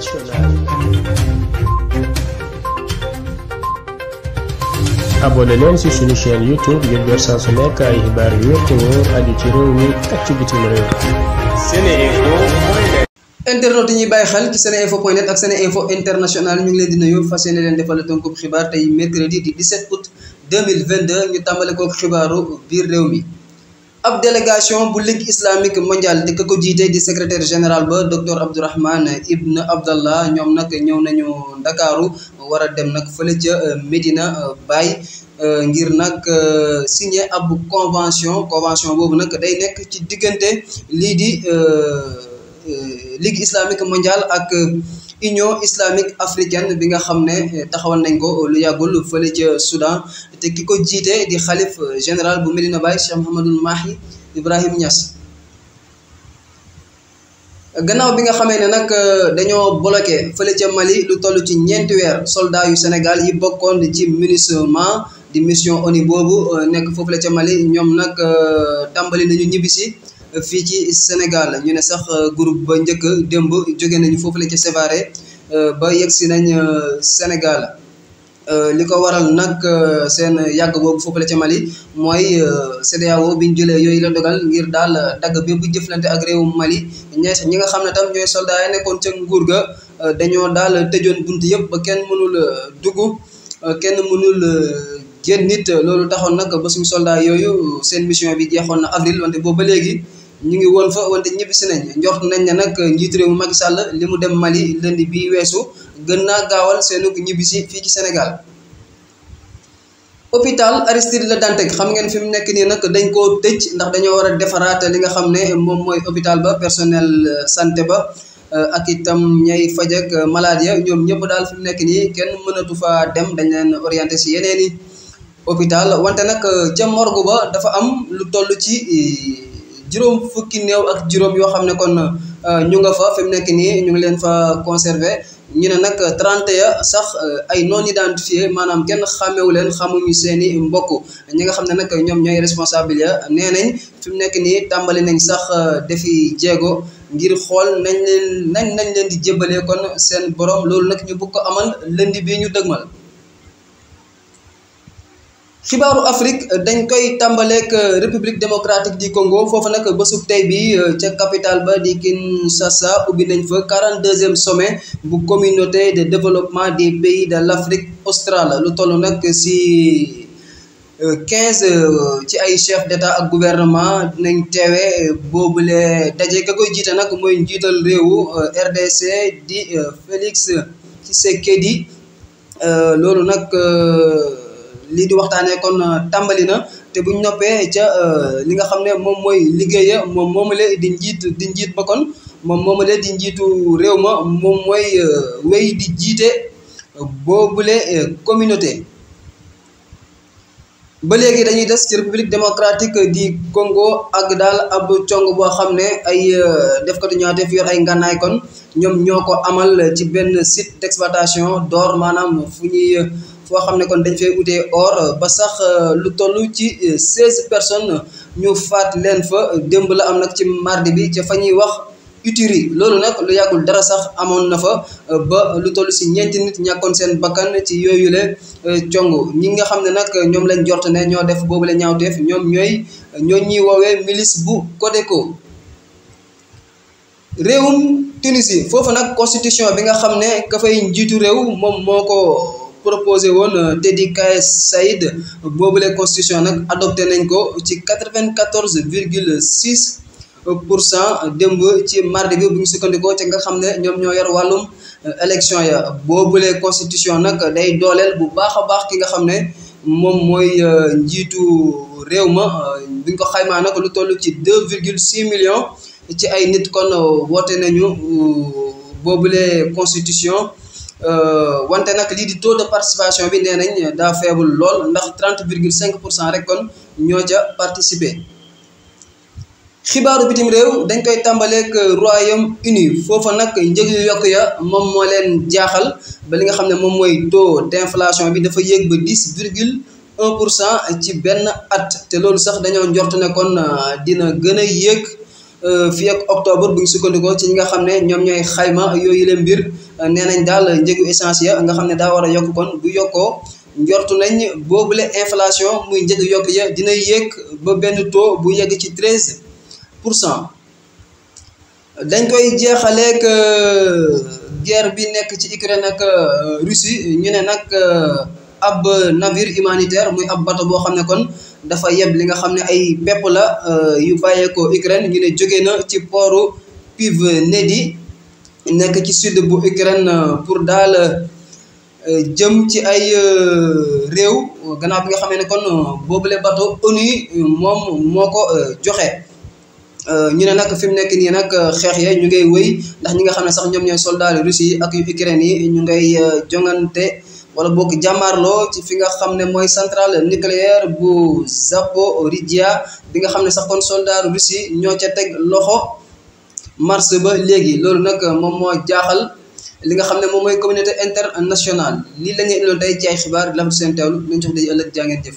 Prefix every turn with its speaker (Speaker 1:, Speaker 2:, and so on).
Speaker 1: internationale. abonné leen
Speaker 2: ci suñu chaîne youtube ngir jot saa su yu wér ci réew mi ak ci bitim réew.
Speaker 1: SeneInfo. xel ci seneinfo point net ak seneinfo international ñu ngi leen di nuyu fas yéene leen defal tënkub xibaar tey mercredi di 17 août 2022 ñu tàmbale ko xibaaru biir réew mi. ab délégation bu ligue islamique mondiale di ko jiite di secrétaire général ba docteur Abdourahman Ibn Abdallah ñoom nag ñëw nañu ndakaaru war a dem nag fële ca euh, Medina euh, baay euh, ngir nag signer abu convention convention boobu nag day nekk ci diggante lii di ligue islamique mondiale ak. union islamique africaine bi nga xam ne eh, taxawal nañ ko lu yàggul fële ca Soudan te ki ko jiite di xalif eh, général bu Medina Baye Cheikh Mouhamadul Mahi Ibrahim Niass gannaaw bi nga xamee ne nag eh, dañoo bloqué fële ca Mali lu toll ci ñeenti weer soldat yu yi bokkoon ci MINUSMA di mission ONU boobu nekk foofu la ca Mali ñoom nag tàmbali nañu ñibbisi fii ci Sénégal ñu ne sax euh, groupe ba njëkk démb jóge nañu foofu la ci Sévaré euh, ba yegg si nañ euh, Sénégal li ko waral nag seen yàgg boobu foofu la ci Mali mooy CEDEAO bi ñu jëlee yooyu la dogal ngir daal dagg bépp jëflante ak réewum Mali ñi nga xam ne tam ñooy soldats ya nekkoon ca nguur ga dañoo daal tëjoon bunt yëpp ba kenn mënul dugg kenn mënul génn nit loolu taxoon nag ba suñu soldat yooyu seen mission bi jeexoon na avril wante boobu ba léegi ñu ngi woon fa wante ñibbisi nañ njort nañ ne nag njiitu réew mu Macky li mu dem Mali lënd bi weesu gën naa gaawal seenu ñibbisi fii ci Sénégal. hôpital Aristide Le Dantec xam ngeen fi mu nekk nii nag dañ koo tëj ndax dañoo war a defaraat li nga xam ne moom mooy hôpital ba personnel euh, santé ba euh, ak itam ñay faj ak ya euh, ñoom ñëpp daal fi mu nekk nii kenn mënatu fa dem dañ leen orienté si yeneen i hôpital wante nag ca morgue ba dafa am lu toll ci. juróom fukki néew ak juróom yoo xam ne kon euh, ñu nga fa fi nekk nii ñu ngi leen fa conservé ñu ne nag trente ya sax euh, ay non identifié maanaam kenn xàmmewu leen xamuñu seeni mbokk ñi nga xam ne nag ñoom ñooy responsable ya nee nañ fi mu nekk nii tàmbali nañ sax euh, defi jéego ngir xool nañ leen nañ nañ leen di jébbalee kon seen borom loolu nag ñu bukk ko amal di bi ñu dëgmal. xibaaru Afrique euh, dañ koy tàmbaleek euh, République démocratique di Congo foofu nag bésub tey bi euh, ca capital ba di Kinshasa ubbi nañ fa 42 deuxième sommet bu communauté de développement des pays de l'Afrique australe lu toll nag si ci ay chef d'état ak gouvernement dinañ teewe boobule daje ka koy jiite nag mooy njiital réewu RDC di Félix Tshisekedi loolu nag. lii di waxtaanee kon euh, tàmbali na te buñ noppee ca euh, li nga xam ne moom mooy liggéeya moom moomale di njiit di njiit ba kon moom moomale di njiitu réew ma moom mooy euh, wéy di jiite boobule communauté ba léegi dañuy des ci république démocratique di Congo ak daal ab cong boo xam ne ay euh, defkatu ñaate fi yor ay ngànnaay kon ñoom ñoo ko amal ci benn site d'exploitation door maanaam fu ñuy euh, foo xam ne kon dañ fay utee or ba sax euh, lu toll ci seize personnes ñu faat leen fa démb la am nag ci mardi bi ca fa ñuy wax uturi loolu nag lu yàggul dara sax amoon na fa euh, ba lu toll si ñeenti nit ñàkkoon seen bakkan ci yooyu la euh, cong ñi nga xam ne nag ñoom lañ jort ne ñoo def boobu la ñaawteef ñoom ñooy ñoo ñuy woowee milice bu Codeco réewum Tunisie foofu nag constitution bi nga xam ne ka fay njiitu réew moom moo ko proposé woon euh, Tedi Kaes boobu boobule constitution nag adopté nañ ko ci quatre-vingt-quatorze virgule six pour cent démb ci mardi bi bu ñu sukkandikoo ci nga xam ne ñoom ñoo yor wàllum euh, élection ya boobule constitution nag day dooleel bu baax a baax ki nga xam ne moom mooy euh, njiitu réew ma euh, buñ ko xaymaa nag lu toll ci deux virgule six millions ci ay nit kon woote nañu boobule constitution wante nag lii di taux de participation bi nee nañ daa faible lool ndax trente virgule cinq pour cent rek kon ñoo ca participer xibaaru bitim réew dañ koy tàmbaleeg Royaume-Uni foofa nag njëg yu yokk ya moom moo leen jaaxal ba li nga xam ne moom mooy taux d'inflation bi dafa yéeg ba dix virgule un pour cent ci benn at te loolu sax dañoo njort ne kon euh, dina gën a yéeg euh, fii ak octobre bu ñu sukkandikoo ci ñi nga xam ne ñoom ñooy xayma yooyu leen mbir nee nañ daal njëgu essence ya nga xam ne daa war a yokk kon bu yokkoo njortu nañ boobule inflation muy njëg yokk ya dina yéeg ba benn taux bu yegg ci treize. pour cent dañ koy jeexaleeg euh, guerre bi nekk ci Ukraine ak euh, Russie ñu ne nag euh, ab navire humanitaire muy ab bato boo xam ne kon dafa yeb li nga xam ne ay pepp la yu bàyyeekoo Ukraine ñu ne jóge na ci pooru Pivnedi nekk ci sud bu Ukraine pour daal jëm ci ay réew gannaaw bi nga xam ne kon boobule bato ONU moom moo ko joxe. Euh, ñu ne nag fi mu nekk nii nag euh, xeex ya ñu ngay wëy ndax ñi nga xam ne sax ñoom ñooy soldat yu ak yu Ukraine nii ñu ngay euh, jongante wala boog jàmmaarloo fi nga xam ne mooy centrale nucléaire bu Zaporijia bi nga xam ne sax kon soldaar Russie ñoo ca teg loxo mars ba léegi loolu nag moom moo jaaxal li nga xam ne moom mooy communauté internationale lii la ñuy indiloon tey ci ay xibaar di la am seen teewlu ñu jox dañuy ëllëg jaa jëf.